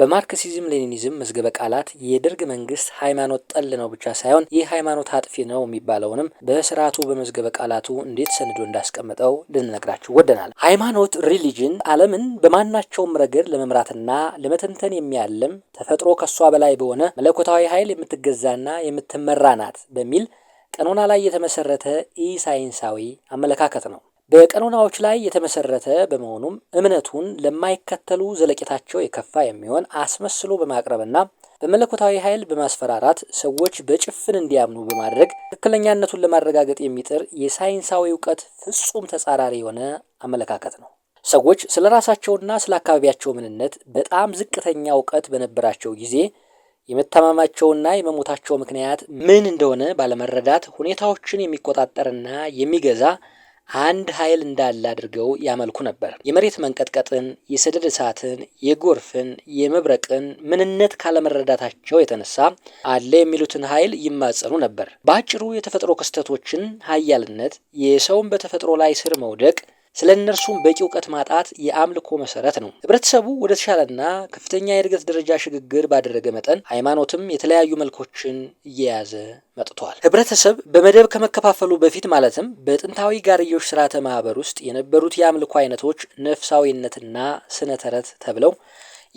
በማርክሲዝም ሌኒኒዝም መዝገበ ቃላት የደርግ መንግስት ሃይማኖት ጠል ነው ብቻ ሳይሆን ይህ ሃይማኖት አጥፊ ነው የሚባለውንም በስርዓቱ በመዝገበ ቃላቱ እንዴት ሰንዶ እንዳስቀመጠው ልንነግራችሁ ወደናል። ሃይማኖት ሪሊጅን ዓለምን በማናቸውም ረገድ ለመምራትና ለመተንተን የሚያልም ተፈጥሮ ከሷ በላይ በሆነ መለኮታዊ ኃይል የምትገዛና የምትመራ ናት በሚል ቀኖና ላይ የተመሰረተ ኢ ሳይንሳዊ አመለካከት ነው። በቀኖናዎች ላይ የተመሰረተ በመሆኑም እምነቱን ለማይከተሉ ዘለቄታቸው የከፋ የሚሆን አስመስሎ በማቅረብና በመለኮታዊ ኃይል በማስፈራራት ሰዎች በጭፍን እንዲያምኑ በማድረግ ትክክለኛነቱን ለማረጋገጥ የሚጥር የሳይንሳዊ እውቀት ፍጹም ተጻራሪ የሆነ አመለካከት ነው። ሰዎች ስለ ራሳቸውና ስለ አካባቢያቸው ምንነት በጣም ዝቅተኛ እውቀት በነበራቸው ጊዜ የመታመማቸውና የመሞታቸው ምክንያት ምን እንደሆነ ባለመረዳት ሁኔታዎችን የሚቆጣጠርና የሚገዛ አንድ ኃይል እንዳለ አድርገው ያመልኩ ነበር። የመሬት መንቀጥቀጥን፣ የሰደድ እሳትን፣ የጎርፍን፣ የመብረቅን ምንነት ካለመረዳታቸው የተነሳ አለ የሚሉትን ኃይል ይማጸኑ ነበር። በአጭሩ የተፈጥሮ ክስተቶችን ኃያልነት፣ የሰውን በተፈጥሮ ላይ ስር መውደቅ ስለ እነርሱም በቂ እውቀት ማጣት የአምልኮ መሰረት ነው። ህብረተሰቡ ወደ ተሻለና ከፍተኛ የእድገት ደረጃ ሽግግር ባደረገ መጠን ሃይማኖትም የተለያዩ መልኮችን እየያዘ መጥቷል። ህብረተሰብ በመደብ ከመከፋፈሉ በፊት ማለትም በጥንታዊ ጋርዮሽ ስርዓተ ማህበር ውስጥ የነበሩት የአምልኮ አይነቶች ነፍሳዊነትና ስነ ተረት ተብለው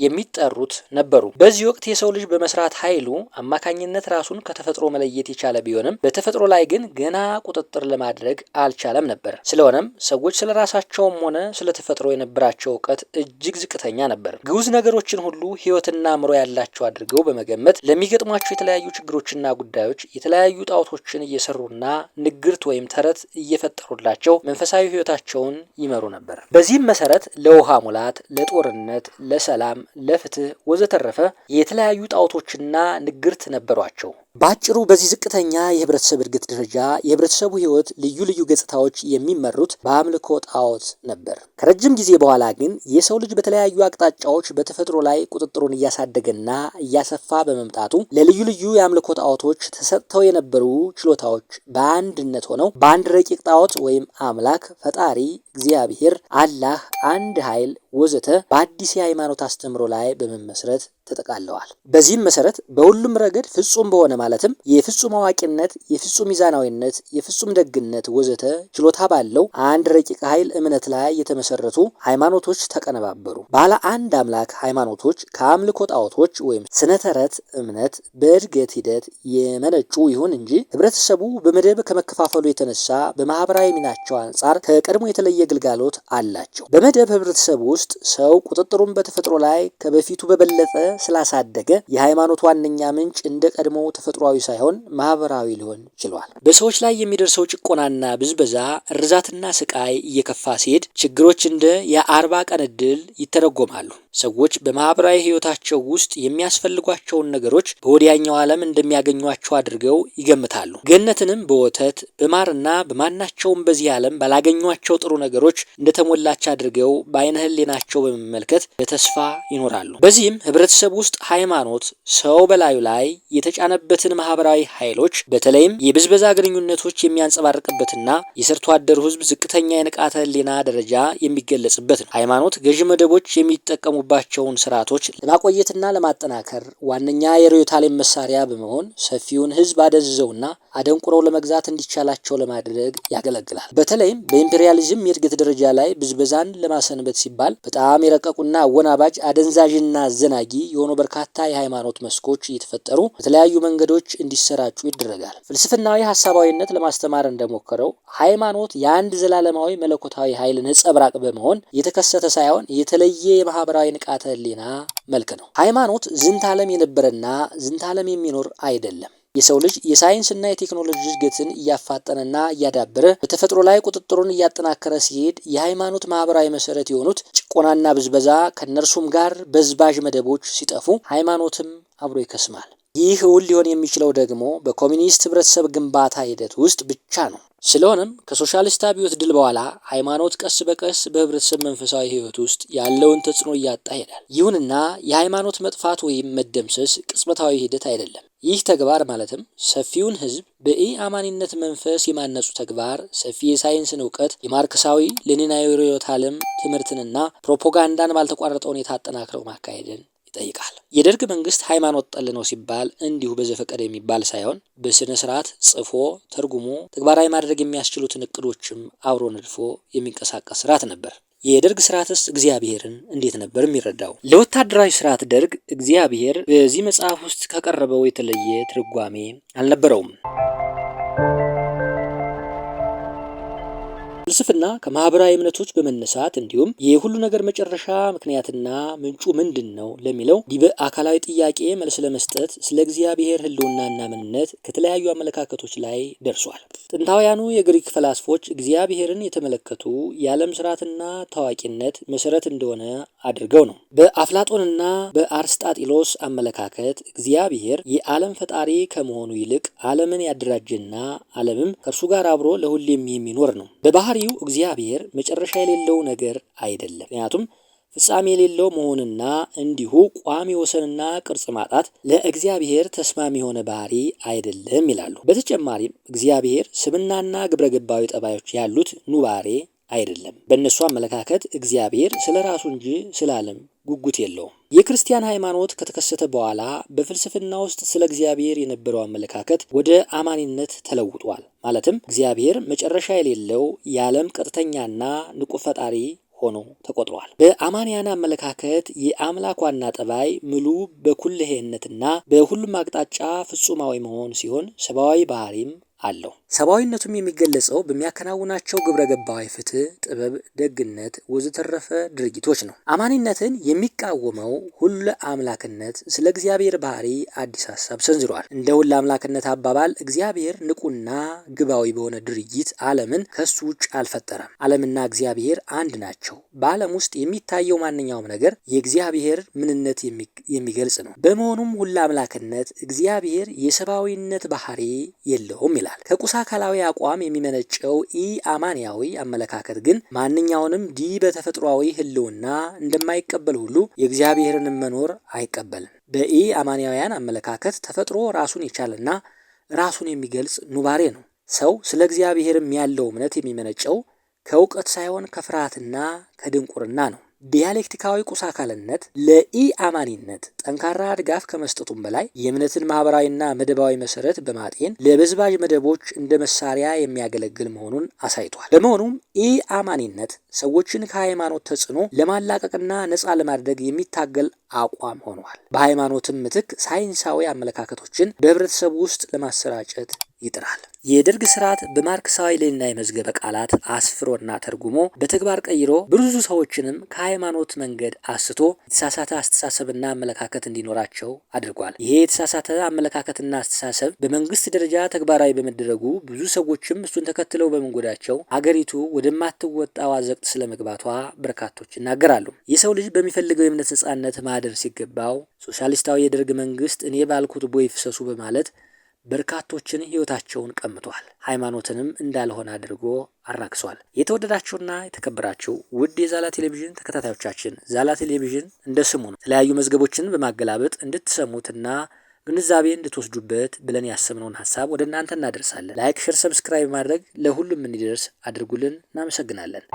የሚጠሩት ነበሩ። በዚህ ወቅት የሰው ልጅ በመስራት ኃይሉ አማካኝነት ራሱን ከተፈጥሮ መለየት የቻለ ቢሆንም በተፈጥሮ ላይ ግን ገና ቁጥጥር ለማድረግ አልቻለም ነበር። ስለሆነም ሰዎች ስለ ራሳቸውም ሆነ ስለ ተፈጥሮ የነበራቸው እውቀት እጅግ ዝቅተኛ ነበር። ግዑዝ ነገሮችን ሁሉ ህይወትና አእምሮ ያላቸው አድርገው በመገመት ለሚገጥሟቸው የተለያዩ ችግሮችና ጉዳዮች የተለያዩ ጣዖቶችን እየሰሩና ንግርት ወይም ተረት እየፈጠሩላቸው መንፈሳዊ ህይወታቸውን ይመሩ ነበር። በዚህም መሰረት ለውሃ ሙላት፣ ለጦርነት፣ ለሰላም ለፍትህ ወዘተረፈ የተለያዩ ጣዖቶችና ንግርት ነበሯቸው። በአጭሩ በዚህ ዝቅተኛ የህብረተሰብ እድገት ደረጃ የህብረተሰቡ ህይወት ልዩ ልዩ ገጽታዎች የሚመሩት በአምልኮ ጣዖት ነበር። ከረጅም ጊዜ በኋላ ግን የሰው ልጅ በተለያዩ አቅጣጫዎች በተፈጥሮ ላይ ቁጥጥሩን እያሳደገና እያሰፋ በመምጣቱ ለልዩ ልዩ የአምልኮ ጣዖቶች ተሰጥተው የነበሩ ችሎታዎች በአንድነት ሆነው በአንድ ረቂቅ ጣዖት ወይም አምላክ፣ ፈጣሪ፣ እግዚአብሔር፣ አላህ፣ አንድ ኃይል ወዘተ በአዲስ የሃይማኖት አስተምሮ ላይ በመመስረት ተጠቃለዋል። በዚህም መሰረት በሁሉም ረገድ ፍጹም በሆነ ማለትም የፍጹም አዋቂነት፣ የፍጹም ሚዛናዊነት፣ የፍጹም ደግነት ወዘተ ችሎታ ባለው አንድ ረቂቅ ኃይል እምነት ላይ የተመሰረቱ ሃይማኖቶች ተቀነባበሩ። ባለ አንድ አምላክ ሃይማኖቶች ከአምልኮ ጣዖቶች ወይም ስነተረት እምነት በእድገት ሂደት የመነጩ ይሁን እንጂ ህብረተሰቡ በመደብ ከመከፋፈሉ የተነሳ በማህበራዊ ሚናቸው አንጻር ከቀድሞ የተለየ ግልጋሎት አላቸው። በመደብ ህብረተሰቡ ውስጥ ሰው ቁጥጥሩን በተፈጥሮ ላይ ከበፊቱ በበለጠ ስላሳደገ የሃይማኖት ዋነኛ ምንጭ እንደ ቀድሞ ተፈጥሯዊ ሳይሆን ማህበራዊ ሊሆን ችሏል። በሰዎች ላይ የሚደርሰው ጭቆናና ብዝበዛ፣ እርዛትና ስቃይ እየከፋ ሲሄድ ችግሮች እንደ የአርባ ቀን እድል ይተረጎማሉ። ሰዎች በማህበራዊ ህይወታቸው ውስጥ የሚያስፈልጓቸውን ነገሮች በወዲያኛው ዓለም እንደሚያገኟቸው አድርገው ይገምታሉ። ገነትንም በወተት በማርና በማናቸውም በዚህ ዓለም ባላገኟቸው ጥሩ ነገሮች እንደተሞላች አድርገው በአይነ ህሌናቸው በመመልከት በተስፋ ይኖራሉ። በዚህም ህብረተሰብ ውስጥ ሃይማኖት ሰው በላዩ ላይ የተጫነበትን ማህበራዊ ኃይሎች በተለይም የብዝበዛ ግንኙነቶች የሚያንጸባርቅበትና የሰርቶ አደሩ ህዝብ ዝቅተኛ የንቃተ ህሌና ደረጃ የሚገለጽበት ነው። ሃይማኖት ገዥ መደቦች የሚጠቀሙ የሚጠቀሙባቸውን ስርዓቶች ለማቆየትና ለማጠናከር ዋነኛ የርዕዮተ መሳሪያ በመሆን ሰፊውን ህዝብ አደዝዘውና አደንቁረው ለመግዛት እንዲቻላቸው ለማድረግ ያገለግላል። በተለይም በኢምፔሪያሊዝም የእድገት ደረጃ ላይ ብዝበዛን ለማሰንበት ሲባል በጣም የረቀቁና አወናባጅ አደንዛዥና አዘናጊ የሆኑ በርካታ የሃይማኖት መስኮች እየተፈጠሩ በተለያዩ መንገዶች እንዲሰራጩ ይደረጋል። ፍልስፍናዊ ሀሳባዊነት ለማስተማር እንደሞከረው ሃይማኖት የአንድ ዘላለማዊ መለኮታዊ ኃይል ነጸብራቅ በመሆን የተከሰተ ሳይሆን የተለየ የማህበራዊ አጠቃላይ ንቃተ ህሊና መልክ ነው። ሃይማኖት ዝንተ ዓለም የነበረና ዝንተ ዓለም የሚኖር አይደለም። የሰው ልጅ የሳይንስና የቴክኖሎጂ እድገትን እያፋጠነና እያዳበረ በተፈጥሮ ላይ ቁጥጥሩን እያጠናከረ ሲሄድ የሃይማኖት ማህበራዊ መሰረት የሆኑት ጭቆናና ብዝበዛ ከእነርሱም ጋር በዝባዥ መደቦች ሲጠፉ ሃይማኖትም አብሮ ይከስማል። ይህ እውን ሊሆን የሚችለው ደግሞ በኮሚኒስት ህብረተሰብ ግንባታ ሂደት ውስጥ ብቻ ነው። ስለሆነም ከሶሻሊስት አብዮት ድል በኋላ ሃይማኖት ቀስ በቀስ በህብረተሰብ መንፈሳዊ ህይወት ውስጥ ያለውን ተጽዕኖ እያጣ ይሄዳል። ይሁንና የሃይማኖት መጥፋት ወይም መደምሰስ ቅጽበታዊ ሂደት አይደለም። ይህ ተግባር ማለትም ሰፊውን ህዝብ አማኒነት መንፈስ የማነጹ ተግባር ሰፊ የሳይንስን እውቀት የማርክሳዊ ሌኒናዊ ርዕዮተ ዓለም ትምህርትንና ፕሮፓጋንዳን ባልተቋረጠ ሁኔታ አጠናክረው ማካሄድን ይጠይቃል። የደርግ መንግስት ሃይማኖት ጠል ነው ሲባል እንዲሁ በዘፈቀደ የሚባል ሳይሆን በስነ ስርዓት ጽፎ ተርጉሞ ተግባራዊ ማድረግ የሚያስችሉትን እቅዶችም አብሮ ነድፎ የሚንቀሳቀስ ስርዓት ነበር። የደርግ ስርዓትስ እግዚአብሔርን እንዴት ነበር የሚረዳው? ለወታደራዊ ስርዓት ደርግ እግዚአብሔር በዚህ መጽሐፍ ውስጥ ከቀረበው የተለየ ትርጓሜ አልነበረውም። ከፍልስፍና ከማህበራዊ እምነቶች በመነሳት እንዲሁም የሁሉ ነገር መጨረሻ ምክንያትና ምንጩ ምንድን ነው ለሚለው አካላዊ ጥያቄ መልስ ለመስጠት ስለ እግዚአብሔር ህልውናና ምንነት ከተለያዩ አመለካከቶች ላይ ደርሷል። ጥንታውያኑ የግሪክ ፈላስፎች እግዚአብሔርን የተመለከቱ የዓለም ስርዓትና ታዋቂነት መሰረት እንደሆነ አድርገው ነው። በአፍላጦንና በአርስጣጢሎስ አመለካከት እግዚአብሔር የዓለም ፈጣሪ ከመሆኑ ይልቅ ዓለምን ያደራጀና ዓለምም ከእርሱ ጋር አብሮ ለሁሌም የሚኖር ነው። በባህሪው እግዚአብሔር መጨረሻ የሌለው ነገር አይደለም። ምክንያቱም ፍጻሜ የሌለው መሆንና እንዲሁ ቋሚ ወሰንና ቅርጽ ማጣት ለእግዚአብሔር ተስማሚ የሆነ ባህሪ አይደለም ይላሉ። በተጨማሪም እግዚአብሔር ስብናና ግብረገባዊ ጠባዮች ያሉት ኑባሬ አይደለም። በእነሱ አመለካከት እግዚአብሔር ስለ ራሱ እንጂ ስለ ዓለም ጉጉት የለውም። የክርስቲያን ሃይማኖት ከተከሰተ በኋላ በፍልስፍና ውስጥ ስለ እግዚአብሔር የነበረው አመለካከት ወደ አማኒነት ተለውጧል። ማለትም እግዚአብሔር መጨረሻ የሌለው የዓለም ቀጥተኛና ንቁ ፈጣሪ ሆኖ ተቆጥሯል። በአማንያን አመለካከት የአምላክ ዋና ጠባይ ምሉ በኩልሄነትና በሁሉም አቅጣጫ ፍጹማዊ መሆን ሲሆን ሰብአዊ ባህሪም አለው። ሰብአዊነቱም የሚገለጸው በሚያከናውናቸው ግብረ ገባዊ ፍትህ፣ ጥበብ፣ ደግነት፣ ወዘተረፈ ድርጊቶች ነው። አማኒነትን የሚቃወመው ሁለ አምላክነት ስለ እግዚአብሔር ባህሪ አዲስ ሀሳብ ሰንዝሯል። እንደ ሁለ አምላክነት አባባል እግዚአብሔር ንቁና ግባዊ በሆነ ድርጊት ዓለምን ከሱ ውጭ አልፈጠረም። ዓለምና እግዚአብሔር አንድ ናቸው። በዓለም ውስጥ የሚታየው ማንኛውም ነገር የእግዚአብሔር ምንነት የሚገልጽ ነው። በመሆኑም ሁለ አምላክነት እግዚአብሔር የሰብአዊነት ባህሪ የለውም ይላል። ይላል። ከቁሳ አካላዊ አቋም የሚመነጨው ኢ አማንያዊ አመለካከት ግን ማንኛውንም ዲ በተፈጥሯዊ ህልውና እንደማይቀበል ሁሉ የእግዚአብሔርንም መኖር አይቀበልም። በኢ አማንያውያን አመለካከት ተፈጥሮ ራሱን የቻለና ራሱን የሚገልጽ ኑባሬ ነው። ሰው ስለ እግዚአብሔርም ያለው እምነት የሚመነጨው ከእውቀት ሳይሆን ከፍርሃትና ከድንቁርና ነው። ዲያሌክቲካዊ ቁስ አካልነት ለኢ አማኒነት ጠንካራ ድጋፍ ከመስጠቱም በላይ የእምነትን ማህበራዊና መደባዊ መሰረት በማጤን ለበዝባዥ መደቦች እንደ መሳሪያ የሚያገለግል መሆኑን አሳይቷል። በመሆኑም ኢ አማኒነት ሰዎችን ከሃይማኖት ተጽዕኖ ለማላቀቅና ነፃ ለማድረግ የሚታገል አቋም ሆኗል። በሃይማኖትም ምትክ ሳይንሳዊ አመለካከቶችን በህብረተሰቡ ውስጥ ለማሰራጨት ይጥራል። የደርግ ስርዓት በማርክሳዊ ሌኒናዊ መዝገበ ቃላት አስፍሮና ተርጉሞ በተግባር ቀይሮ ብዙ ሰዎችንም ከሃይማኖት መንገድ አስቶ የተሳሳተ አስተሳሰብና አመለካከት እንዲኖራቸው አድርጓል። ይሄ የተሳሳተ አመለካከትና አስተሳሰብ በመንግስት ደረጃ ተግባራዊ በመደረጉ ብዙ ሰዎችም እሱን ተከትለው በመንጎዳቸው አገሪቱ ወደማትወጣው አዘቅት ስለመግባቷ በርካቶች ይናገራሉ። የሰው ልጅ በሚፈልገው የእምነት ነጻነት ማደር ሲገባው ሶሻሊስታዊ የደርግ መንግስት እኔ ባልኩት ቦይ ፍሰሱ በማለት በርካቶችን ህይወታቸውን ቀምቷል። ሃይማኖትንም እንዳልሆነ አድርጎ አራክሷል። የተወደዳችሁና የተከበራችሁ ውድ የዛላ ቴሌቪዥን ተከታታዮቻችን ዛላ ቴሌቪዥን እንደ ስሙ ነው። የተለያዩ መዝገቦችን በማገላበጥ እንድትሰሙትና ግንዛቤ እንድትወስዱበት ብለን ያሰምነውን ሀሳብ ወደ እናንተ እናደርሳለን። ላይክ፣ ሸር ሰብስክራይብ ማድረግ ለሁሉም እንዲደርስ አድርጉልን። እናመሰግናለን።